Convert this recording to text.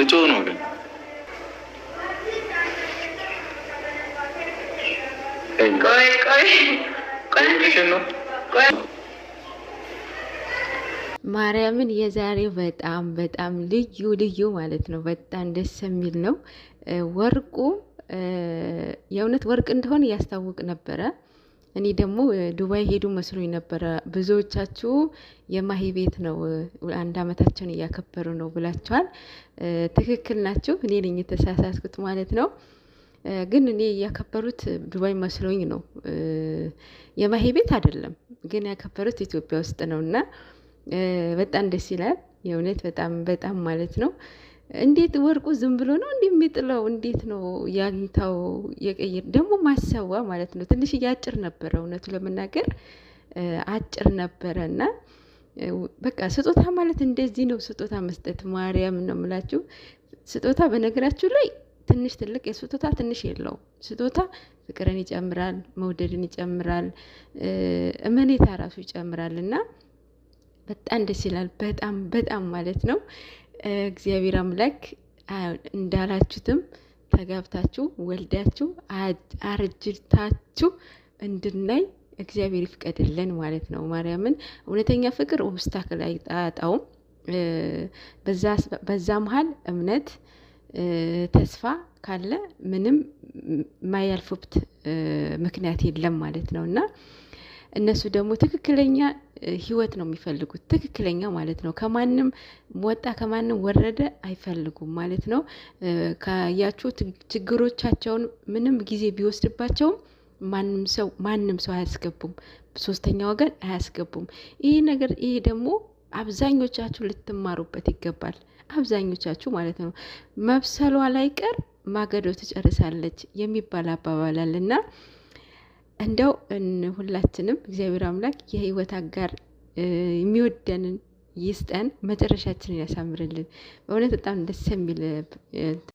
ልጮ ነው ግን ማርያምን የዛሬው በጣም በጣም ልዩ ልዩ ማለት ነው። በጣም ደስ የሚል ነው። ወርቁ የእውነት ወርቅ እንደሆነ እያስታወቅ ነበረ። እኔ ደግሞ ዱባይ ሄዱ መስሎኝ ነበረ። ብዙዎቻችሁ የማሂ ቤት ነው አንድ አመታቸውን እያከበሩ ነው ብላችኋል። ትክክል ናችሁ። እኔ ነኝ የተሳሳትኩት ማለት ነው። ግን እኔ እያከበሩት ዱባይ መስሎኝ ነው። የማሂ ቤት አይደለም፣ ግን ያከበሩት ኢትዮጵያ ውስጥ ነው እና በጣም ደስ ይላል። የእውነት በጣም በጣም ማለት ነው እንዴት ወርቁ ዝም ብሎ ነው እንዲህ የሚጥለው? እንዴት ነው ያግኝታው የቀይር ደግሞ ማሰዋ ማለት ነው። ትንሽ አጭር ነበረ፣ እውነቱ ለመናገር አጭር ነበረ እና በቃ ስጦታ ማለት እንደዚህ ነው። ስጦታ መስጠት ማርያም ነው የምላችሁ። ስጦታ በነገራችሁ ላይ ትንሽ ትልቅ የስጦታ ትንሽ የለው። ስጦታ ፍቅርን ይጨምራል፣ መውደድን ይጨምራል፣ እመኔታ ራሱ ይጨምራል እና በጣም ደስ ይላል። በጣም በጣም ማለት ነው። እግዚአብሔር አምላክ እንዳላችሁትም ተጋብታችሁ ወልዳችሁ አርጅታችሁ እንድናይ እግዚአብሔር ይፍቀድልን ማለት ነው። ማርያምን እውነተኛ ፍቅር ኦብስታክል አይጣጣውም። በዛ መሀል እምነት ተስፋ ካለ ምንም ማያልፉበት ምክንያት የለም ማለት ነው እና እነሱ ደግሞ ትክክለኛ ህይወት ነው የሚፈልጉት። ትክክለኛ ማለት ነው። ከማንም ወጣ ከማንም ወረደ አይፈልጉም ማለት ነው። ካያችሁ ችግሮቻቸውን ምንም ጊዜ ቢወስድባቸውም ማንም ሰው ማንም ሰው አያስገቡም፣ ሶስተኛ ወገን አያስገቡም። ይህ ነገር ይህ ደግሞ አብዛኞቻችሁ ልትማሩበት ይገባል። አብዛኞቻችሁ ማለት ነው። መብሰሏ ላይ ቀር ማገዶ ትጨርሳለች የሚባል አባባል አለና እንደው ሁላችንም እግዚአብሔር አምላክ የህይወት አጋር የሚወደንን ይስጠን፣ መጨረሻችንን ያሳምርልን። በእውነት በጣም ደስ የሚል